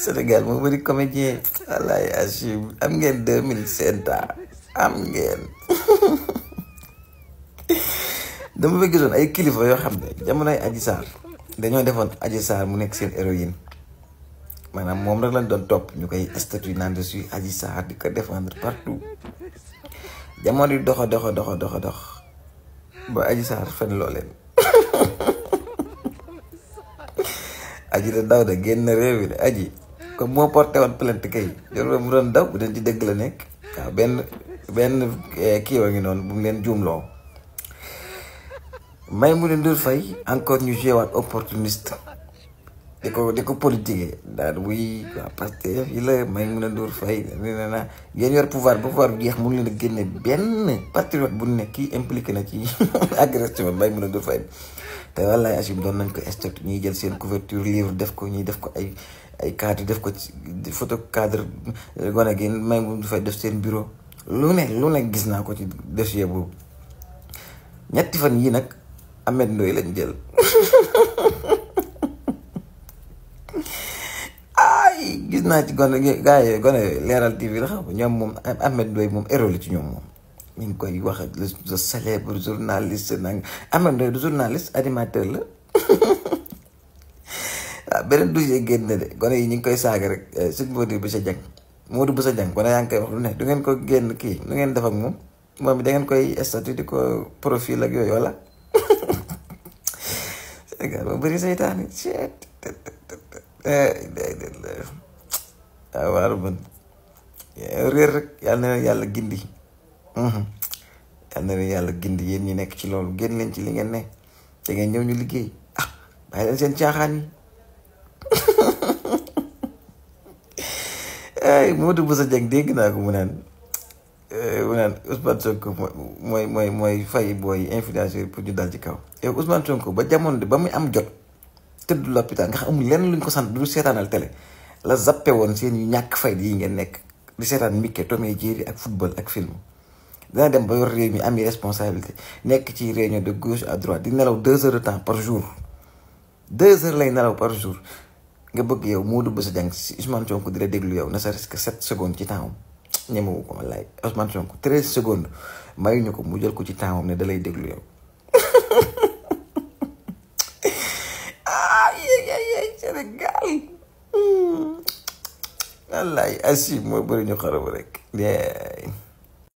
Sénégal moo bëri comédien wallaay Achim am ngeen am ngeen dama fa gisoon ay kilifa yoo xam ne jamonoy Adji Sarr dañoo defoon aji Sarr mu nekk seen héroïne maanaam moom rek lañ doon topp ñu koy statut naan de suy Adji Sarr di ko défendre partout jamono yi doxa doxa doxa doxa dox ba Adji Sarr fen loo leen aji da daw da génn réew mi de aji comme moo porté woon plainte kay jor mu doon daw bu dee ci dëgg la nekk waaw benn benn eh, kii wa ngi noonu bu ngi leen juumloo may mu leen Ndour fay encore ñu waat opportuniste di ko di ko politique daal wuy waa yi la may mun a dóor fay nee naa ngeen yor pouvoir ba pouvoir bu jeex mun leen a génne benn patriote bu nekk kii impliqué na ci agression may mun a dóor fay te wallaay asib doon nañ ko stock ñuy jël seen couverture livre def ko ñuy def ko ay ay cadre def ko ci photo cadre euh, gone gi may mun fay def seen bureau lu ne lu ne gis naa ko ci dossier boobu ñetti fan yii nag Ameth Ndoye lañu jël ay gis naa ci gone gars yi leeral TV la xam ñoom moom Ahmed Ndoye moom héros ci ñoom moom ñu ngi koy wax ak le célèbre journaliste nag Ahmed Ndoye du journaliste animateur la waaw beneen douche yi génn de gone yi ñu ngi koy saaga rek eh, suñu Modou Boussa Dieng Modou Boussa Dieng gone yaa ngi koy wax lu ne du ngeen ko génn kii lu ngeen defak ak moom moom da ngeen koy statut di ko profil ak yooyu wala. Sénégal Eh, eh, eh, waaw man réer rek yàlla na yàlla gindi mhm. yàlla na yàlla gindi yéen ñi nekk ci loolu génn leen ci li ngeen ne da ñëw ñu liggéey ah bàyyi leen seen caaxaan yi ay Modou Boussa Dieng dégg naa ko mu naan mu naan mooy mooy mooy fay booy influenceur pour ñu dal ci kaw. yow Ousmane Sonko ba jamono ba muy am jot. tëdd l'hôpital nga luñ ko du télé la fay ngeen football film dem ba mi responsabilité réunion de gauche à droite di deux heures de temps par jour deux heures lay nelaw par jour nga bëgg yow di la déglu yow ne serait que sept secondes ci temps ko secondes mayuñu ko mu jël ko ci temps ne da lay déglu yow. ay Asi moo bëri ñu xarabu rek.